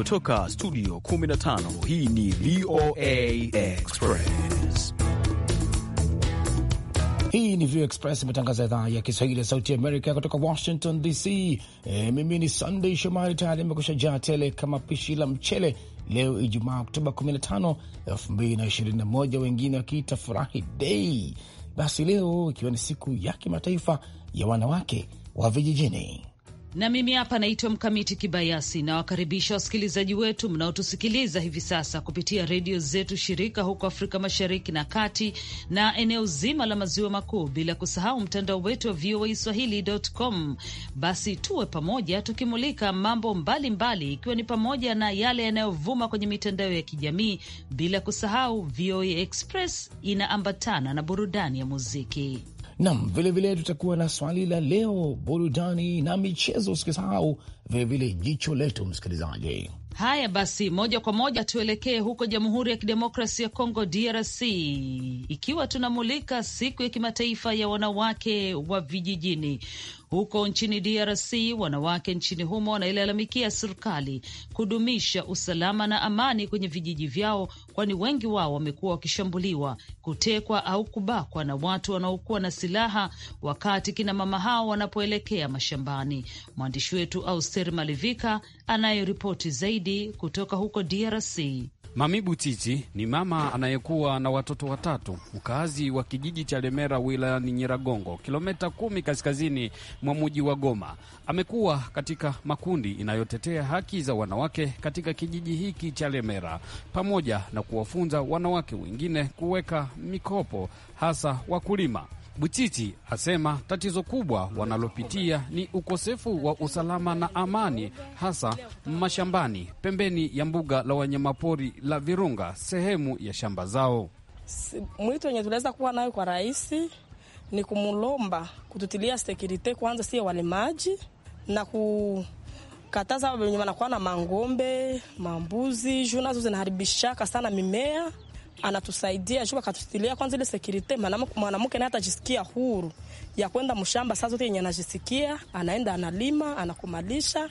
kutoka studio 15 hii ni VOA Express. Hii ni VOA Express, matangazo ya idhaa ya Kiswahili ya Sauti Amerika kutoka Washington DC. E, mimi ni Sunday Shomari, tayari imekusha jaa tele kama pishi la mchele leo Ijumaa Oktoba 15, 2021, wengine wakiita furahi dei. Basi leo ikiwa ni siku ya kimataifa ya wanawake wa vijijini na mimi hapa naitwa Mkamiti Kibayasi. Nawakaribisha wasikilizaji wetu mnaotusikiliza hivi sasa kupitia redio zetu shirika huko Afrika Mashariki na Kati na eneo zima la Maziwa Makuu, bila kusahau mtandao wetu wa VOA Swahili.com. Basi tuwe pamoja tukimulika mambo mbalimbali, ikiwa ni pamoja na yale yanayovuma kwenye mitandao ya kijamii, bila kusahau VOA Express inaambatana na burudani ya muziki. Nam, vilevile tutakuwa na swali la leo, burudani na michezo, usikisahau vilevile jicho letu, msikilizaji. Haya basi, moja kwa moja tuelekee huko Jamhuri ya Kidemokrasi ya Kongo, DRC, ikiwa tunamulika siku ya kimataifa ya wanawake wa vijijini. Huko nchini DRC, wanawake nchini humo wanailalamikia serikali kudumisha usalama na amani kwenye vijiji vyao, kwani wengi wao wamekuwa wakishambuliwa, kutekwa au kubakwa na watu wanaokuwa na silaha wakati kina mama hao wanapoelekea mashambani. Mwandishi wetu Auster Malivika anayeripoti zaidi kutoka huko DRC. Mami Butiti ni mama anayekuwa na watoto watatu, mkazi wa kijiji cha Lemera wilayani Nyiragongo, kilomita kumi kaskazini mwa mji wa Goma. Amekuwa katika makundi inayotetea haki za wanawake katika kijiji hiki cha Lemera, pamoja na kuwafunza wanawake wengine kuweka mikopo, hasa wakulima. Butiti asema tatizo kubwa wanalopitia ni ukosefu wa usalama na amani, hasa mashambani pembeni ya mbuga la wanyamapori la Virunga, sehemu ya shamba zao. Mwito wenye tunaweza kuwa nayo kwa rahisi ni kumulomba kututilia sekirite kwanza, sie walimaji na ku kataza wenye wanakuwa na mangombe mambuzi, juu nazo zinaharibishaka sana mimea. Anatusaidia juu akatutilia kwanza ile sekirite, mwanamke naye atajisikia huru ya kwenda mshamba saa zote yenye anajisikia, anaenda analima, anakumalisha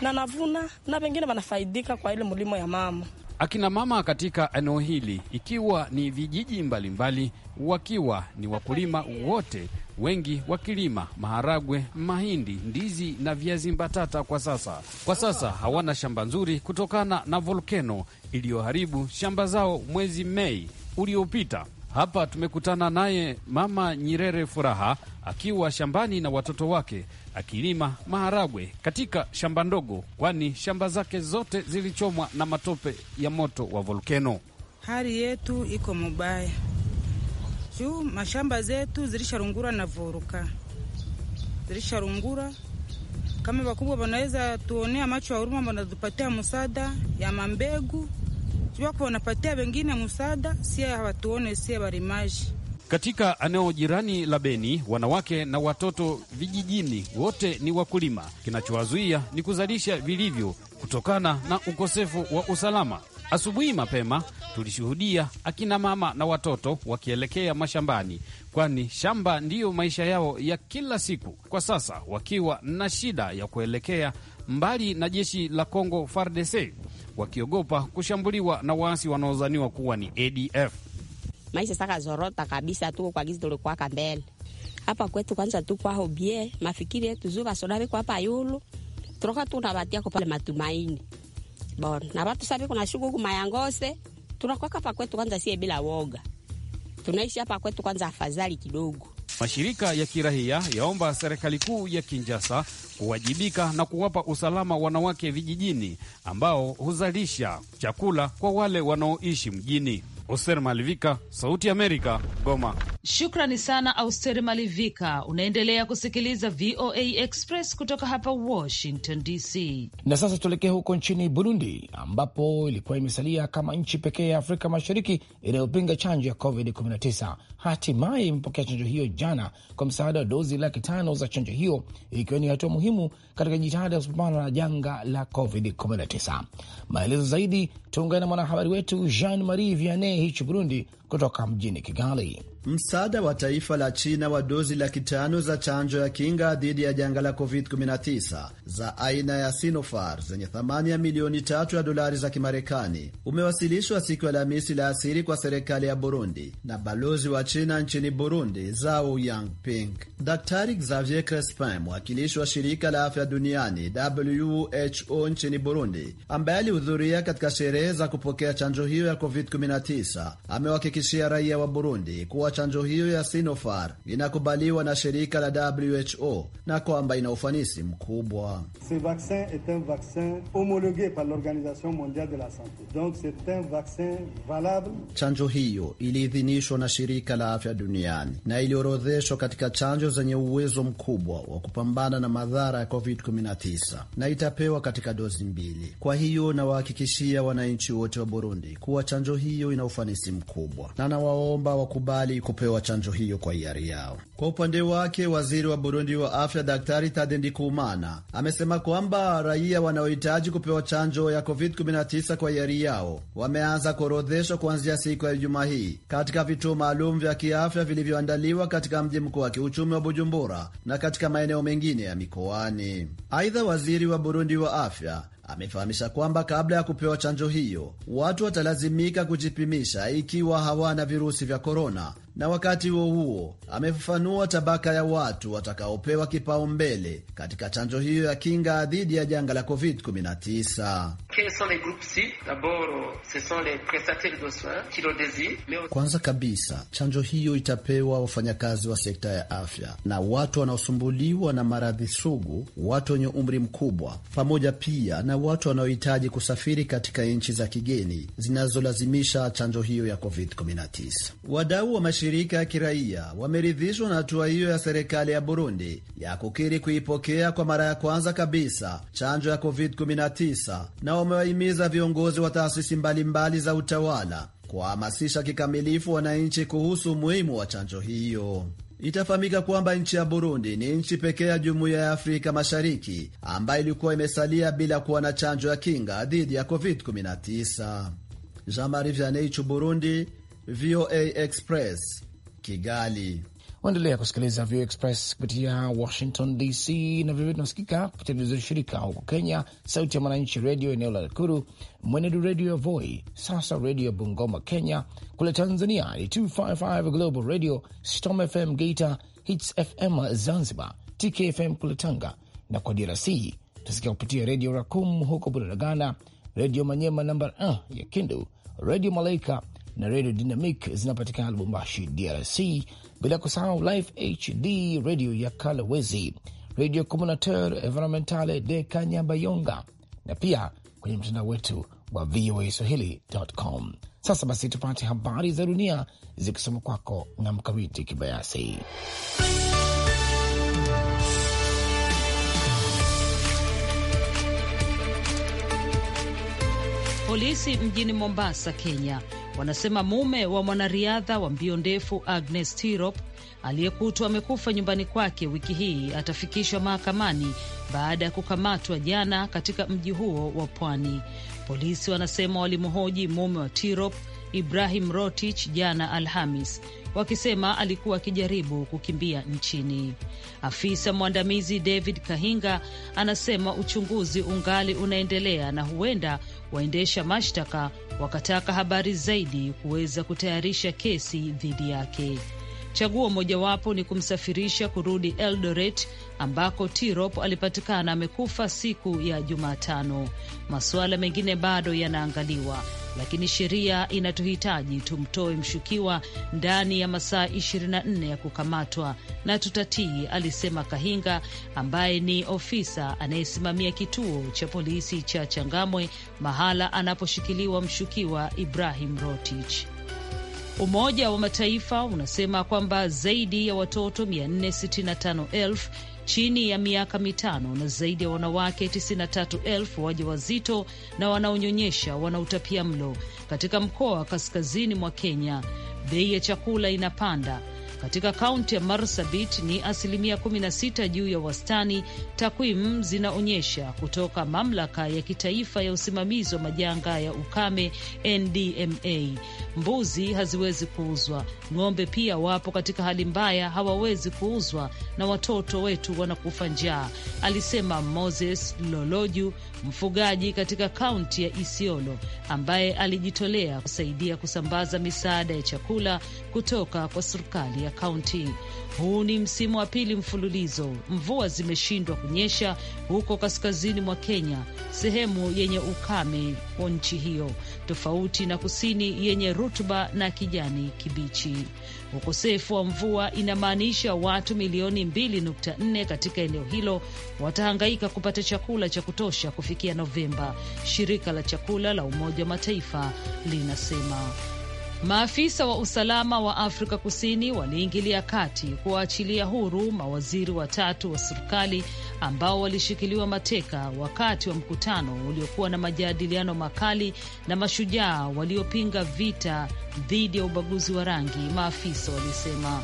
na navuna, na wengine wanafaidika kwa ile mlimo ya mama. Akina mama katika eneo hili ikiwa ni vijiji mbalimbali mbali, wakiwa ni wakulima wote, wengi wakilima maharagwe, mahindi, ndizi na viazi mbatata. Kwa sasa kwa sasa hawana shamba nzuri kutokana na volkeno iliyoharibu shamba zao mwezi Mei uliopita. Hapa tumekutana naye Mama Nyirere Furaha akiwa shambani na watoto wake akilima maharagwe katika shamba ndogo, kwani shamba zake zote zilichomwa na matope ya moto wa volkeno. Hali yetu iko mubaya juu mashamba zetu zilisharungura na voruka zilisharungura. Kama wakubwa wanaweza tuonea macho ya huruma, wanatupatia musada ya mambegu, wako wanapatia wengine musada, sie hawatuone sie barimaji katika eneo jirani la Beni, wanawake na watoto vijijini wote ni wakulima. Kinachowazuia ni kuzalisha vilivyo kutokana na ukosefu wa usalama. Asubuhi mapema tulishuhudia akina mama na watoto wakielekea mashambani, kwani shamba ndiyo maisha yao ya kila siku, kwa sasa wakiwa na shida ya kuelekea mbali na jeshi la congo FARDC, wakiogopa kushambuliwa na waasi wanaodhaniwa kuwa ni ADF maisha saka zorota kabisa, tuko kwa gizi tulikuwaka mbele hapa kwetu. Kwanza tukwaho bie mafikiri yetu zuka sodavi kwa hapa yulu turoka tu tunavatia kupale matumaini bon na watu sabi kuna shuku kumayangose tunakwaka hapa kwetu kwanza, sie bila woga tunaishi hapa kwetu kwanza, afadhali kidogo. Mashirika ya kirahia yaomba serikali kuu ya Kinjasa kuwajibika na kuwapa usalama wanawake vijijini ambao huzalisha chakula kwa wale wanaoishi mjini. Oser Malivika, Sauti Amerika, Goma. Shukrani sana Auster Malivika. Unaendelea kusikiliza VOA Express kutoka hapa Washington DC. Na sasa tuelekee huko nchini Burundi, ambapo ilikuwa imesalia kama nchi pekee ya Afrika Mashariki inayopinga chanjo ya COVID-19. Hatimaye imepokea chanjo hiyo jana kwa msaada wa dozi laki tano za chanjo hiyo, ikiwa ni hatua muhimu katika jitihada ya kupambana na janga la COVID-19. Maelezo zaidi tuungane na mwanahabari wetu Jean Marie Vianney nchini Burundi kutoka mjini Kigali. Msaada wa taifa la China wa dozi laki tano za chanjo ya kinga dhidi ya janga la COVID-19 za aina ya sinofar zenye thamani ya milioni tatu ya dolari za Kimarekani umewasilishwa siku ya Alhamisi la asiri kwa serikali ya Burundi na balozi wa China nchini Burundi, Zhao Yangping. Daktari Xavier Crespin, mwakilishi wa shirika la afya duniani WHO nchini Burundi, ambaye alihudhuria katika sherehe za kupokea chanjo hiyo ya COVID-19, amewahakikishia kuhakikishia raia wa Burundi kuwa chanjo hiyo ya sinofar inakubaliwa na shirika la WHO na kwamba ina ufanisi mkubwa. Ce vaccin est un vaccin par l'Organisation mondiale de la Santé. Donc c'est un vaccin valable. Chanjo hiyo iliidhinishwa na shirika la afya duniani na iliorodheshwa katika chanjo zenye uwezo mkubwa wa kupambana na madhara ya COVID-19 na itapewa katika dozi mbili. Kwa hiyo nawahakikishia wananchi wote wa Burundi kuwa chanjo hiyo ina ufanisi mkubwa na anawaomba wakubali kupewa chanjo hiyo kwa hiari yao. Kwa upande wake, waziri wa Burundi wa afya Daktari Tade Ndikumana amesema kwamba raia wanaohitaji kupewa chanjo ya COVID-19 kwa hiari yao wameanza kuorodheshwa kuanzia siku ya Ijumaa hii katika vituo maalum vya kiafya vilivyoandaliwa katika mji mkuu wa kiuchumi wa Bujumbura na katika maeneo mengine ya mikoani. Aidha, waziri wa Burundi wa afya amefahamisha kwamba kabla ya kupewa chanjo hiyo watu watalazimika kujipimisha ikiwa hawana virusi vya korona, na wakati huo huo amefafanua tabaka ya watu watakaopewa kipaumbele katika chanjo hiyo ya kinga dhidi ya janga la COVID-19. Quels sont les groupes D'abord, ce sont les prestataires de soins qui le désirent. Mais... Kwanza kabisa chanjo hiyo itapewa wafanyakazi wa sekta ya afya na watu wanaosumbuliwa na maradhi sugu, watu wenye umri mkubwa, pamoja pia na watu wanaohitaji kusafiri katika nchi za kigeni zinazolazimisha chanjo hiyo ya COVID-19. Wadau wa mashirika ya kiraia wameridhishwa na hatua hiyo ya serikali ya Burundi ya kukiri kuipokea kwa mara ya kwanza kabisa chanjo ya COVID-19 na umewahimiza viongozi wa taasisi mbalimbali za utawala kuwahamasisha kikamilifu wananchi kuhusu umuhimu wa chanjo hiyo. Itafahamika kwamba nchi ya Burundi ni nchi pekee ya jumuiya ya Afrika Mashariki ambayo ilikuwa imesalia bila kuwa na chanjo ya kinga dhidi ya COVID-19. Jean Marie Vianney, Burundi, VOA Express, Kigali. Waendelea kusikiliza VOA Express kupitia Washington DC na vilevile tunasikika kupitia vizuri shirika huko Kenya, Sauti ya Mwananchi redio eneo la Nakuru, Mwenedu redio ya Voi, Sasa redio ya Bungoma Kenya. Kule Tanzania ni 255 Global Radio, Storm FM Geita, Hits FM Zanzibar, TKFM kule Tanga, na kwa DRC tunasikia kupitia redio Rakum huko Bunagana, redio Manyema namba 1 uh, ya Kindu, redio Malaika na Radio Dynamic zinapatikana Lubumbashi, DRC, bila kusahau Live HD radio ya Kalawezi, Radio Communautaire Environnementale de Kanyabayonga, na pia kwenye mtandao wetu wa VOA Swahili.com. Sasa basi, tupate habari za dunia zikisoma kwako na Mkamiti Kibayasi. Polisi mjini Mombasa, Kenya wanasema mume wa mwanariadha wa mbio ndefu Agnes Tirop aliyekutwa amekufa nyumbani kwake wiki hii atafikishwa mahakamani baada ya kukamatwa jana katika mji huo wa pwani. Polisi wanasema walimhoji mume wa Tirop Ibrahim Rotich jana Alhamis wakisema alikuwa akijaribu kukimbia nchini. Afisa mwandamizi David Kahinga anasema uchunguzi ungali unaendelea na huenda waendesha mashtaka wakataka habari zaidi kuweza kutayarisha kesi dhidi yake. Chaguo mojawapo ni kumsafirisha kurudi Eldoret ambako Tirop alipatikana amekufa siku ya Jumatano. Masuala mengine bado yanaangaliwa, lakini sheria inatuhitaji tumtoe mshukiwa ndani ya masaa 24 ya kukamatwa na tutatii, alisema Kahinga ambaye ni ofisa anayesimamia kituo cha polisi cha Changamwe, mahala anaposhikiliwa mshukiwa Ibrahim Rotich. Umoja wa Mataifa unasema kwamba zaidi ya watoto 465,000 chini ya miaka mitano na zaidi ya wanawake 93,000 wajawazito na wanaonyonyesha wana utapia mlo katika mkoa wa kaskazini mwa Kenya. Bei ya chakula inapanda katika kaunti ya Marsabit ni asilimia 16 juu ya wastani, takwimu zinaonyesha kutoka mamlaka ya kitaifa ya usimamizi wa majanga ya ukame NDMA. Mbuzi haziwezi kuuzwa, ng'ombe pia wapo katika hali mbaya, hawawezi kuuzwa na watoto wetu wanakufa njaa, alisema Moses Loloju, mfugaji katika kaunti ya Isiolo ambaye alijitolea kusaidia kusambaza misaada ya chakula kutoka kwa serikali ya kaunti. Huu ni msimu wa pili mfululizo mvua zimeshindwa kunyesha huko kaskazini mwa Kenya, sehemu yenye ukame wa nchi hiyo, tofauti na kusini yenye rutuba na kijani kibichi. Ukosefu wa mvua inamaanisha watu milioni 2.4 katika eneo hilo watahangaika kupata chakula cha kutosha kufikia Novemba, shirika la chakula la Umoja wa Mataifa linasema. Maafisa wa usalama wa Afrika Kusini waliingilia kati kuwaachilia huru mawaziri watatu wa serikali ambao walishikiliwa mateka wakati wa mkutano uliokuwa na majadiliano makali na mashujaa waliopinga vita dhidi ya ubaguzi wa rangi, maafisa walisema.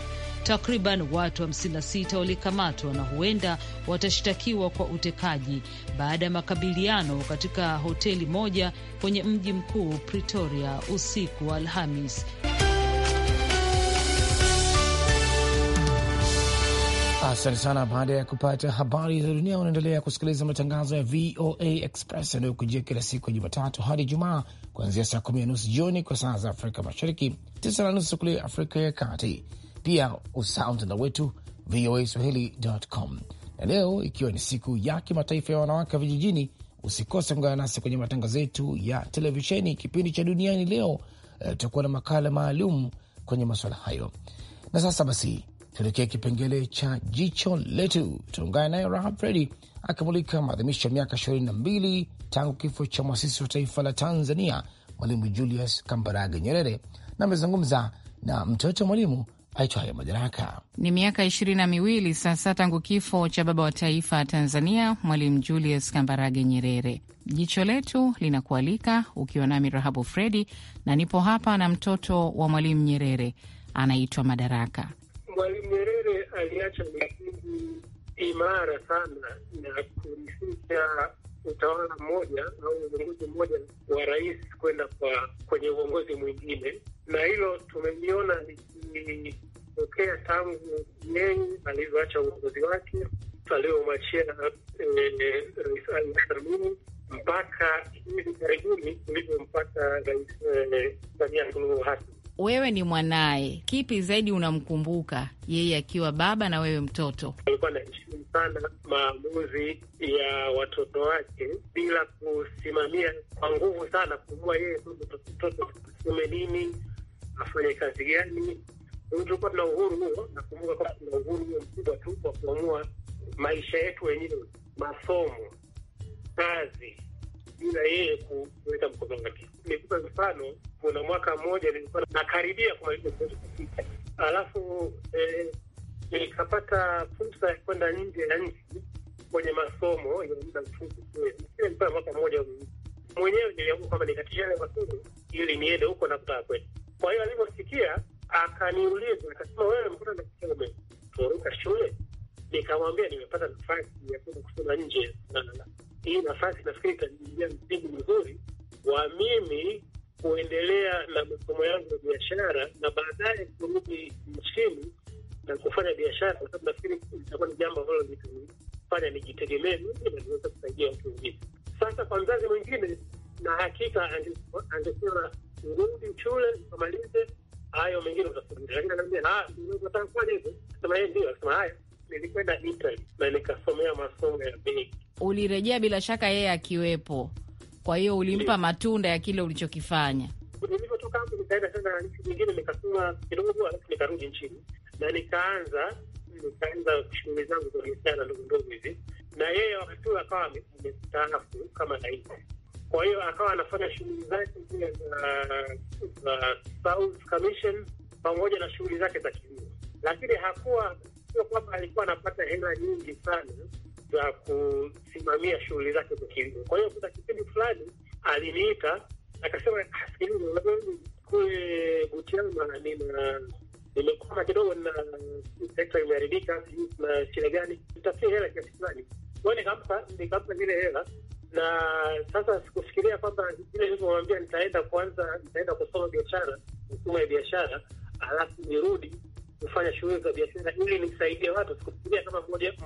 Takriban watu 56 walikamatwa na huenda watashtakiwa kwa utekaji baada ya makabiliano katika hoteli moja kwenye mji mkuu Pretoria usiku wa Alhamis. Asante sana. Baada ya kupata habari za dunia, unaendelea kusikiliza matangazo ya VOA Express yanayokujia kila siku ya Jumatatu hadi Jumaa, kuanzia saa kumi na nusu jioni kwa saa za Afrika Mashariki, tisa na nusu kule Afrika ya Kati pia usahau wetu VOA Swahili.com. Na leo ikiwa ni siku ya kimataifa ya wanawake wa vijijini, usikose kuungana nasi kwenye matangazo yetu ya televisheni, kipindi cha duniani leo. Eh, tutakuwa na makala maalum kwenye masuala hayo. Na sasa basi, tuelekee kipengele cha jicho letu. Tuungane naye Rahab Fredi akimulika maadhimisho ya miaka ishirini na mbili tangu kifo cha mwasisi wa taifa la Tanzania Mwalimu Julius Kambarage Nyerere, na amezungumza na mtoto mwalimu aitwayo madaraka. Ni miaka ishirini na miwili sasa tangu kifo cha baba wa taifa Tanzania, Mwalimu Julius Kambarage Nyerere. Jicho letu linakualika ukiwa nami Rahabu Fredi, na nipo hapa na mtoto wa Mwalimu Nyerere anaitwa Madaraka. Mwalimu Nyerere aliacha misingi imara sana na kurifisha utawala mmoja au uongozi mmoja wa rais kwenda kwa kwenye uongozi mwingine, na hilo tumeliona kupokea tangu yeye alivyoacha uongozi wake aliyomwachia eh, Rais Ali Salum mpaka hivi karibuni kulivyompata Rais eh, Samia Suluhu Hassan. Wewe ni mwanaye, kipi zaidi unamkumbuka yeye akiwa baba na wewe mtoto? Alikuwa anaheshimu sana maamuzi ya watoto wake bila kusimamia kwa nguvu sana, kujua yeye mtoto asome nini, afanye kazi gani tulikuwa tuna uhuru huo, nakumbuka kwamba tuna uhuru huo mkubwa tu kwa kuamua maisha yetu wenyewe, masomo, kazi, bila yeye kuweka mkono wake. Nikupa mfano, kuna mwaka mmoja nilikuwa nakaribia kumaliza chuo kupita, alafu eh, nikapata fursa ya kwenda nje ya nchi kwenye masomo ya muda mfupi, ilikuwa mwaka mmoja mwenyewe. Niliamua kwamba nikatisha masomo ili niende huko na kutaa kweli. Kwa hiyo alivyosikia akaniuliza akasema, wewe mbona unasema umetoroka shule? Nikamwambia nimepata nafasi ya kwenda kusoma nje, na hii nafasi nafikiri itaniingia msingi mzuri wa mimi kuendelea na masomo yangu ya biashara na baadaye kurudi nchini na kufanya biashara, kwa sababu nafikiri itakuwa ni jambo ambalo litanifanya nijitegemee mimi na niweza kusaidia watu wengine. Sasa kwa mzazi mwingine, na hakika angesema urudi shule ukamalize hayo ah, mengine utasubiri, lakini anaambia ah, eh, haya, nilikwenda Italy na nikasomea masomo ya beki. Ulirejea bila shaka yeye akiwepo, kwa hiyo ulimpa matunda ya kile ulichokifanya. Nilivyotoka hapo nikaenda tena nchi nyingine, nikasoma kidogo, alafu nikarudi nchini na nikaanza nikaanza shughuli zangu za biashara ndogo ndogo hivi, na yeye wakati huo akawa amestaafu kama rais. Kwa hiyo akawa anafanya shughuli zake zile za South Commission pamoja na shughuli zake za kilimo, lakini hakuwa sio kwamba alikuwa anapata hela nyingi sana za kusimamia shughuli zake za kilimo. Kwa hiyo kuna kipindi fulani aliniita akasema, kule Butiama nina nimekwama kidogo na sekta imeharibika, sijui kuna shida gani, tutafutie hela kiasi fulani. Kwa nikampa nikampa zile hela na sasa sikufikiria kwamba vile nilivyomwambia nitaenda kwanza, nitaenda kusoma biashara, mfumo ya biashara, alafu nirudi kufanya shughuli za biashara ili nisaidie watu. Sikufikiria kama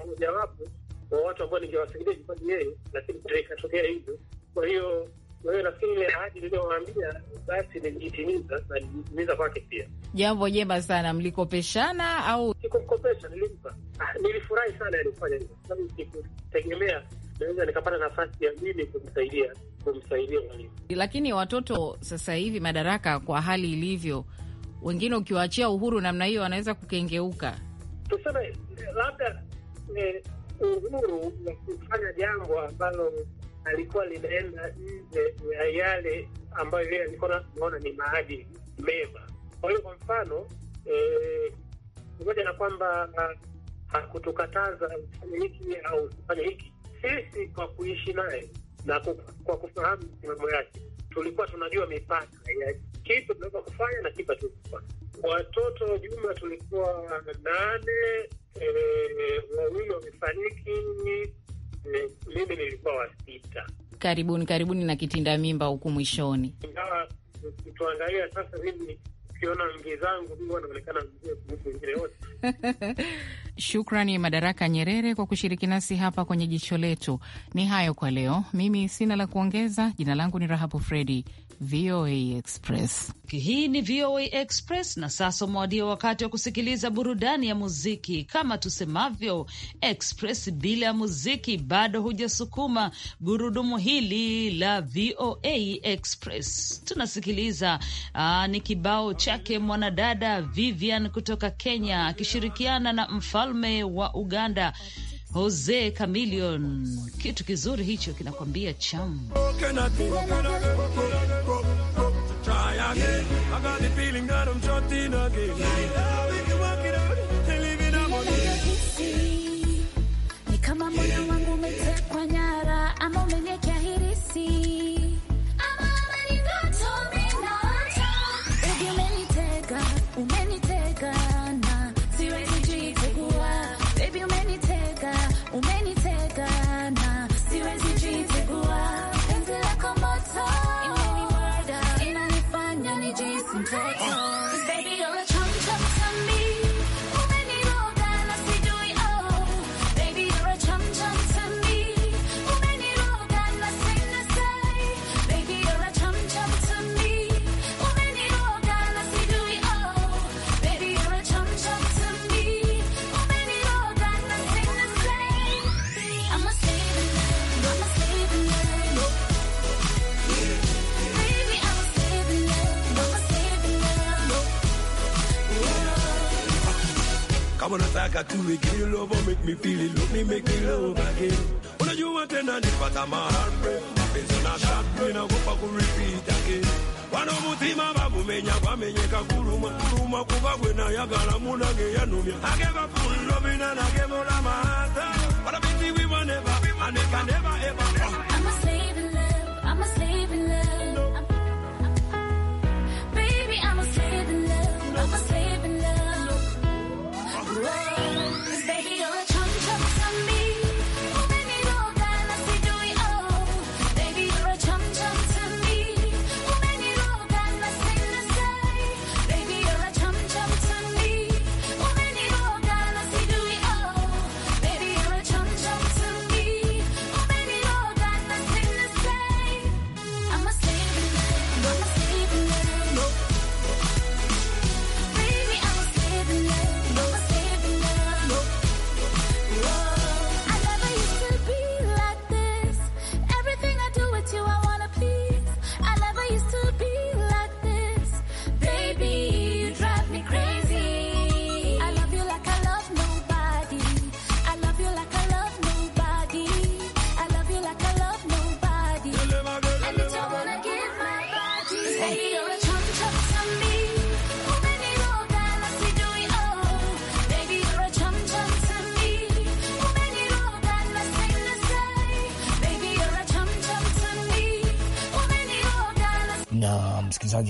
mmojawapo wa watu ambao ningewasaidia ilikuwa yeye, lakini ikatokea hivyo. Kwa hiyo kwa hiyo nafikiri ile ahadi niliyowaambia basi nilijitimiza na nilijitimiza kwake pia. Jambo jema sana. Mlikopeshana au? Sikumkopesha, nilimpa. Ah, nilifurahi sana alifanya hivyo, sababu sikutegemea naweza nikapata nafasi ya mimi kumsaidia kumsaidia mwalimu. Lakini watoto sasa hivi madaraka, kwa hali ilivyo, wengine ukiwaachia uhuru namna hiyo, wanaweza kukengeuka. Tuseme labda ni eh, uhuru wa kufanya jambo ambalo alikuwa linaenda nje ya yale ambayo yeye alikuwa naona ni maadili mema. Kwa hiyo kwa mfano pamoja eh, na kwamba ah, hakutukataza ufanye hiki au ufanye hiki sisi kwa kuishi naye na kwa kufahamu misimamo yake, tulikuwa tunajua mipaka ya kitu tunaweza kufanya na kitu hatuwezi. Watoto jumla tulikuwa nane, eh, wawili wamefariki, eh, mimi nilikuwa wa sita. Karibuni karibuni na kitinda mimba huku mwishoni, ingawa tuangalia sasa mimi ukiona ngi zangu huwa naonekana mzee kuliko wengine wote Shukrani Madaraka Nyerere kwa kushiriki nasi hapa kwenye jicho letu. Ni hayo kwa leo, mimi sina la kuongeza. Jina langu ni Rahabu Fredi, VOA Express. Hii ni VOA Express, na sasa umewadia wakati wa kusikiliza burudani ya muziki. Kama tusemavyo Express bila ya muziki bado hujasukuma gurudumu hili la VOA Express. Tunasikiliza aa, ni kibao chake mwanadada Vivian kutoka Kenya akishirikiana na mfa mfalme wa Uganda Jose Chameleone. Kitu kizuri hicho kinakwambia cham ni kama moyo wangu umetekwa nyara, ama umeniekea hirisi gonna talk a two you love make me feel it, love me, make me love again. When you want to know but I'm a heartbreak, my face on a shot, when I go back and repeat again. Wano mutima bagumenya kwamenyeka kuluma kuluma kuba ya gwe nayagala munange yanumya ageva full loving and ageva la mahata but I believe we will never, and I can never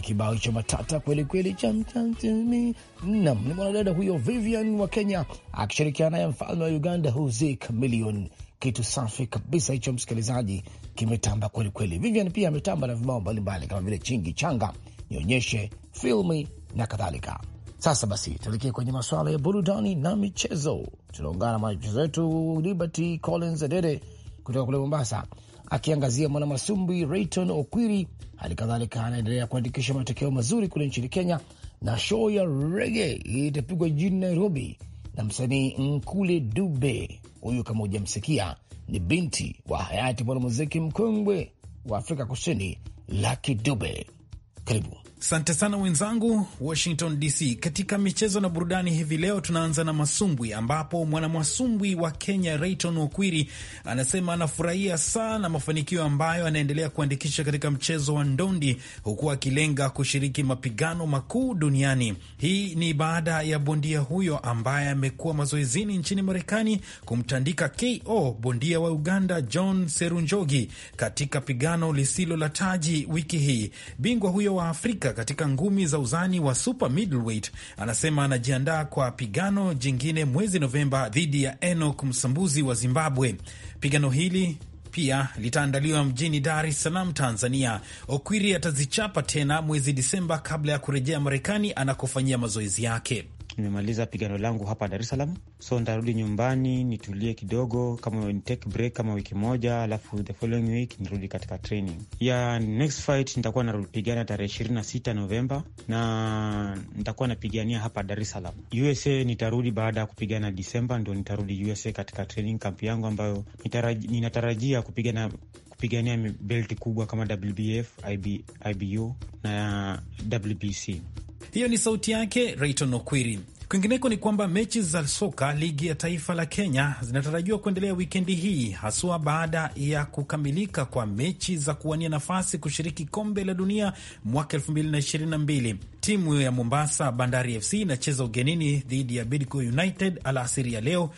ni kibao hicho matata kweli kweli, chamchamtmi nam. Ni mwanadada huyo Vivian wa Kenya akishirikiana naye mfalme wa Uganda Huzik Million. Kitu safi kabisa hicho, msikilizaji, kimetamba kweli kweli. Vivian pia ametamba na vibao mbalimbali kama vile chingi changa, nionyeshe filmi na kadhalika. Sasa basi, tuelekee kwenye masuala ya burudani na michezo. Tunaungana na mwanamichezo wetu Liberty Collins Adede kutoka kule Mombasa akiangazia mwanamasumbwi Rayton Okwiri. Hali kadhalika anaendelea kuandikisha matokeo mazuri kule nchini Kenya, na show ya rege itapigwa jijini Nairobi na msanii Nkule Dube. Huyu kama hujamsikia, ni binti wa hayati mwanamuziki mkongwe wa Afrika Kusini Lucky Dube. Karibu. Asante sana mwenzangu Washington DC. Katika michezo na burudani hivi leo, tunaanza na masumbwi, ambapo mwanamasumbwi wa Kenya Rayton Okwiri anasema anafurahia sana mafanikio ambayo anaendelea kuandikisha katika mchezo wa ndondi, huku akilenga kushiriki mapigano makuu duniani. Hii ni baada ya bondia huyo ambaye amekuwa mazoezini nchini Marekani kumtandika KO bondia wa Uganda John Serunjogi katika pigano lisilo la taji wiki hii. Bingwa huyo wa Afrika katika ngumi za uzani wa super middleweight, anasema anajiandaa kwa pigano jingine mwezi Novemba dhidi ya Enok Msambuzi wa Zimbabwe. Pigano hili pia litaandaliwa mjini Dar es Salaam, Tanzania. Okwiri atazichapa tena mwezi Disemba kabla ya kurejea Marekani anakofanyia mazoezi yake nimemaliza pigano langu hapa Dar es Salaam, so nitarudi nyumbani nitulie kidogo, kama take break kama wiki moja, alafu the following week nirudi katika training ya next fight. Nitakuwa napigana tarehe sita Novemba na nitakuwa napigania hapa Dar es Salaam. USA nitarudi baada ya kupigana Disemba, ndo nitarudi USA katika training camp yangu ambayo ninatarajia kupigana kupigania belti kubwa kama WBF, IB, IBU na WBC. Hiyo ni sauti yake Rayton Okwiri. Kwingineko ni kwamba mechi za soka ligi ya taifa la Kenya zinatarajiwa kuendelea wikendi hii haswa baada ya kukamilika kwa mechi za kuwania nafasi kushiriki kombe la dunia mwaka 2022. Timu ya Mombasa Bandari FC inacheza ugenini dhidi ya Bidco United alasiri ya leo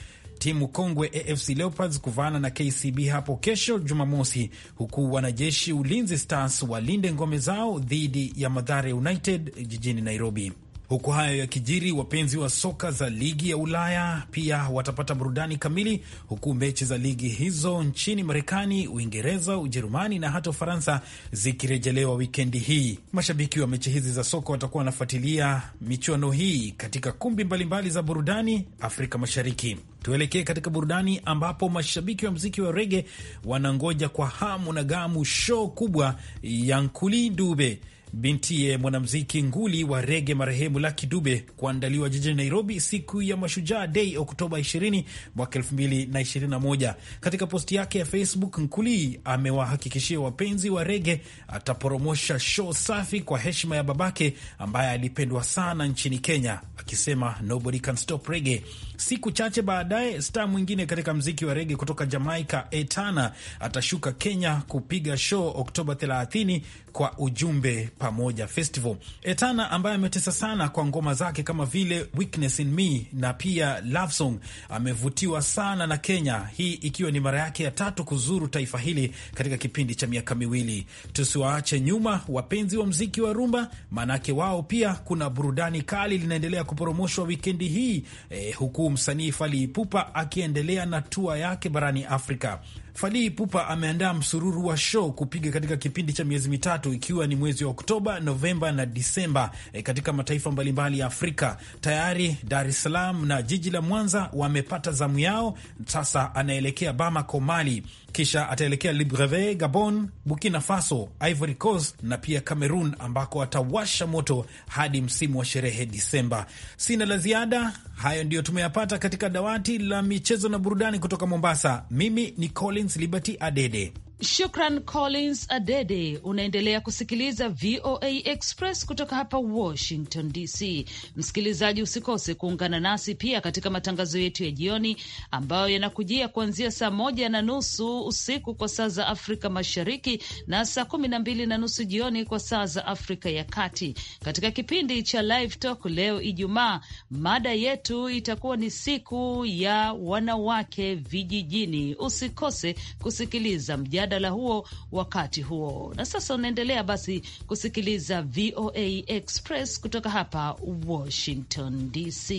timu kongwe AFC Leopards kuvaana na KCB hapo kesho Jumamosi, huku wanajeshi Ulinzi Stars walinde ngome zao dhidi ya Mathare United jijini Nairobi. Huku hayo ya kijiri, wapenzi wa soka za ligi ya Ulaya pia watapata burudani kamili, huku mechi za ligi hizo nchini Marekani, Uingereza, Ujerumani na hata Ufaransa zikirejelewa wikendi hii. Mashabiki wa mechi hizi za soka watakuwa wanafuatilia michuano hii katika kumbi mbalimbali mbali za burudani Afrika Mashariki. Tuelekee katika burudani ambapo mashabiki wa mziki wa rege wanangoja kwa hamu na gamu show kubwa ya Nkuli Dube bintiye mwanamziki nguli wa rege marehemu Lucky Dube kuandaliwa jijini Nairobi siku ya Mashujaa Day Oktoba 20 mwaka 2021. Katika posti yake ya Facebook, Nkuli amewahakikishia wapenzi wa rege ataporomosha show safi kwa heshima ya babake ambaye alipendwa sana nchini Kenya, akisema nobody can stop rege Siku chache baadaye staa mwingine katika mziki wa rege kutoka Jamaica, Etana, atashuka Kenya kupiga show Oktoba 30 kwa ujumbe pamoja festival. Etana ambaye ametesa sana kwa ngoma zake kama vile Weakness in Me na pia Love Song amevutiwa sana na Kenya, hii ikiwa ni mara yake ya tatu kuzuru taifa hili katika kipindi cha miaka miwili. Tusiwaache nyuma wapenzi wa mziki wa rumba, maanake wao pia kuna burudani kali linaendelea kuporomoshwa wikendi hii eh, huku msanii Fally Ipupa akiendelea na tua yake barani Afrika. Falii Pupa ameandaa msururu wa show kupiga katika kipindi cha miezi mitatu ikiwa ni mwezi wa Oktoba, Novemba na Disemba e, katika mataifa mbalimbali ya Afrika. Tayari Dar es Salaam na jiji la Mwanza wamepata zamu yao. Sasa anaelekea Bamako, Mali, kisha ataelekea Libreville, Gabon, Burkina Faso, Ivory Coast na pia Cameroon ambako atawasha moto hadi msimu wa sherehe Disemba. Sina la ziada, hayo ndiyo tumeyapata katika dawati la michezo na burudani kutoka Mombasa. Mimi ni Colin Collins Liberty Adede. Shukran Collins Adede. Unaendelea kusikiliza VOA Express kutoka hapa Washington DC. Msikilizaji, usikose kuungana nasi pia katika matangazo yetu ya jioni ambayo yanakujia kuanzia saa moja na nusu usiku kwa saa za Afrika Mashariki na saa kumi na mbili na nusu jioni kwa saa za Afrika ya Kati, katika kipindi cha Live Talk leo Ijumaa. Mada yetu itakuwa ni siku ya wanawake vijijini. Usikose kusikiliza mjadala mjadala huo wakati huo. Na sasa unaendelea basi kusikiliza VOA Express kutoka hapa Washington DC.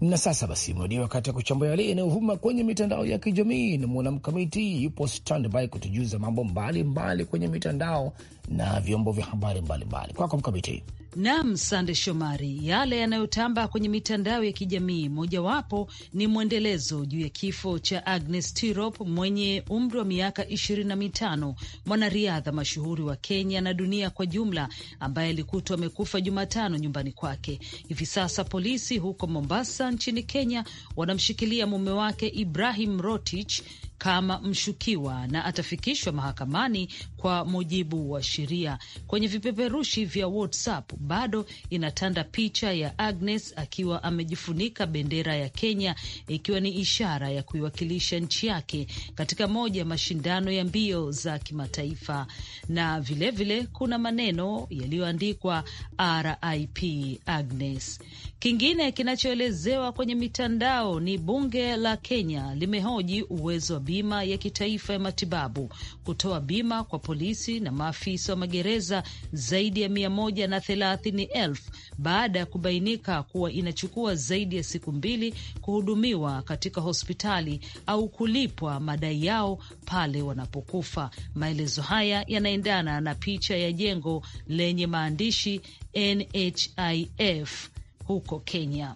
Na sasa basi umewadia wakati ya kuchambua yale yanayovuma kwenye mitandao ya kijamii, na mwanamkamiti yupo standby kutujuza mambo mbalimbali mbali kwenye mitandao na vyombo vya habari mbalimbali. Kwako Mkamiti. Nam, sande Shomari. Yale yanayotamba kwenye mitandao ya kijamii, mojawapo ni mwendelezo juu ya kifo cha Agnes Tirop mwenye umri wa miaka ishirini na mitano, mwanariadha mashuhuri wa Kenya na dunia kwa jumla, ambaye alikutwa amekufa Jumatano nyumbani kwake. Hivi sasa polisi huko Mombasa nchini Kenya wanamshikilia mume wake Ibrahim Rotich kama mshukiwa na atafikishwa mahakamani kwa mujibu wa sheria. Kwenye vipeperushi vya WhatsApp bado inatanda picha ya Agnes akiwa amejifunika bendera ya Kenya, ikiwa ni ishara ya kuiwakilisha nchi yake katika moja ya mashindano ya mbio za kimataifa. Na vilevile vile, kuna maneno yaliyoandikwa RIP Agnes. Kingine kinachoelezewa kwenye mitandao ni bunge la Kenya limehoji uwezo wa bima ya kitaifa ya matibabu, kutoa bima kwa polisi na maafisa wa magereza zaidi ya mia moja na thelathini elfu baada ya kubainika kuwa inachukua zaidi ya siku mbili kuhudumiwa katika hospitali au kulipwa madai yao pale wanapokufa. Maelezo haya yanaendana na picha ya jengo lenye maandishi NHIF huko Kenya.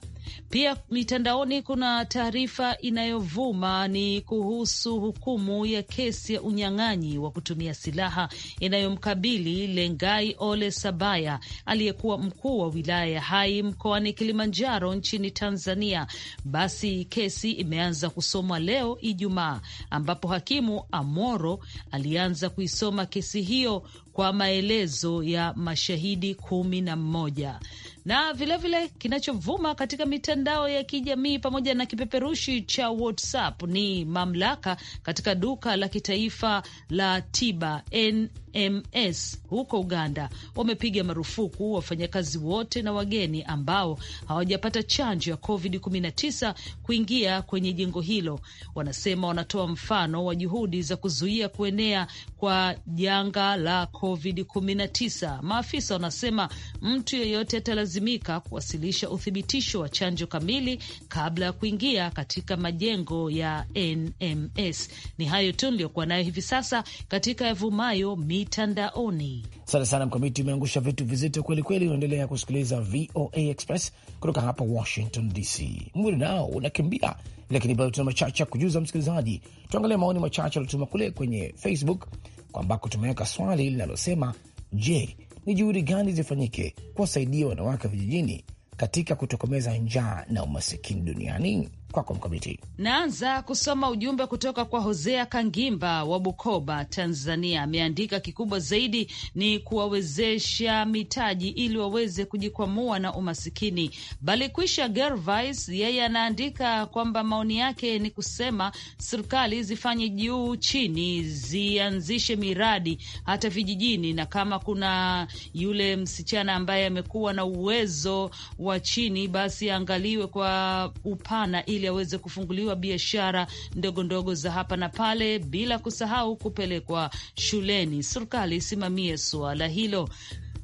Pia mitandaoni kuna taarifa inayovuma ni kuhusu hukumu ya kesi ya unyang'anyi wa kutumia silaha inayomkabili Lengai Ole Sabaya aliyekuwa mkuu wa wilaya ya Hai mkoani Kilimanjaro nchini Tanzania. Basi kesi imeanza kusomwa leo Ijumaa, ambapo hakimu Amoro alianza kuisoma kesi hiyo kwa maelezo ya mashahidi kumi na mmoja na vilevile kinachovuma katika mitandao ya kijamii pamoja na kipeperushi cha WhatsApp ni mamlaka katika duka la kitaifa la tiba N MS huko Uganda wamepiga marufuku wafanyakazi wote na wageni ambao hawajapata chanjo ya COVID-19 kuingia kwenye jengo hilo. Wanasema wanatoa mfano wa juhudi za kuzuia kuenea kwa janga la COVID-19. Maafisa wanasema mtu yeyote atalazimika kuwasilisha uthibitisho wa chanjo kamili kabla ya kuingia katika majengo ya NMS. Ni hayo tu niliyokuwa nayo hivi sasa katika yavumayo mi mitandaoni. Asante sana Mkamiti, umeangusha vitu vizito kwelikweli. Unaendelea kusikiliza VOA Express kutoka hapa Washington DC. Mwili nao unakimbia, lakini bado tuna machache ya kujuza msikilizaji. Tuangalie maoni machache aliotuma kule kwenye Facebook ambako tumeweka swali linalosema je, ni juhudi gani zifanyike kuwasaidia wanawake vijijini katika kutokomeza njaa na umasikini duniani? kwako Mkamiti. Naanza kusoma ujumbe kutoka kwa Hosea Kangimba wa Bukoba, Tanzania. Ameandika, kikubwa zaidi ni kuwawezesha mitaji ili waweze kujikwamua na umasikini. Balikwisha Gervais yeye anaandika kwamba maoni yake ni kusema serikali zifanye juu chini, zianzishe miradi hata vijijini, na kama kuna yule msichana ambaye amekuwa na uwezo wa chini, basi aangaliwe kwa upana ili ili aweze kufunguliwa biashara ndogo ndogo za hapa na pale, bila kusahau kupelekwa shuleni. Serikali isimamie suala hilo.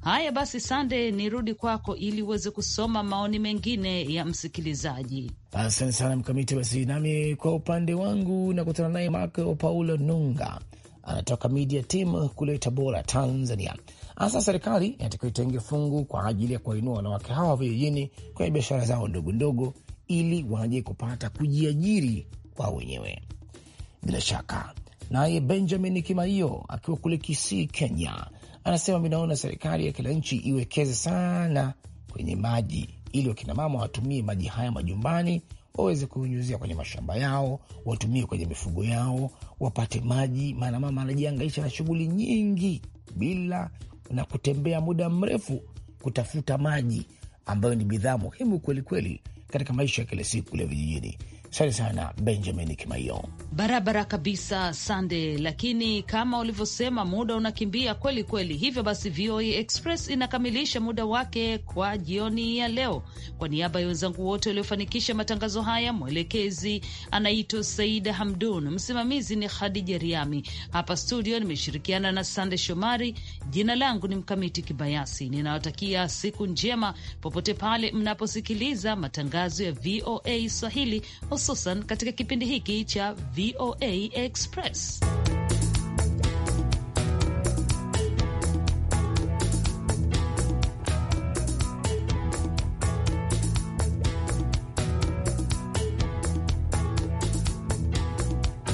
Haya basi, Sande, nirudi kwako ili uweze kusoma maoni mengine ya msikilizaji. Asante sana Mkamiti. Basi nami kwa upande wangu nakutana naye Marco Paulo Nunga, anatoka media team kule Tabora, Tanzania. Hasa serikali inatakiwa itenge fungu kwa ajili ya kuwainua wanawake hawa vijijini kwenye biashara zao ndogo ndogo, ili waje kupata kujiajiri kwa wenyewe. Bila shaka naye Benjamin kimaio akiwa kule Kisii, Kenya, anasema minaona serikali ya kila nchi iwekeze sana kwenye maji ili wakinamama watumie maji haya majumbani, waweze kunyunyuzia kwenye mashamba yao, watumie kwenye mifugo yao, wapate maji. Maana mama anajiangaisha na shughuli nyingi bila na kutembea muda mrefu kutafuta maji ambayo ni bidhaa muhimu kwelikweli katika maisha ya kila siku kule vijijini. Asante sana Benjamin Kimaio, barabara kabisa Sande. Lakini kama ulivyosema, muda unakimbia kweli kweli. Hivyo basi, VOA Express inakamilisha muda wake kwa jioni ya leo. Kwa niaba ya wenzangu wote waliofanikisha matangazo haya, mwelekezi anaitwa Saida Hamdun, msimamizi ni Khadija Riami. Hapa studio nimeshirikiana na Sande Shomari. Jina langu ni Mkamiti Kibayasi, ninawatakia siku njema popote pale mnaposikiliza matangazo ya VOA Swahili hususan katika kipindi hiki cha VOA Express.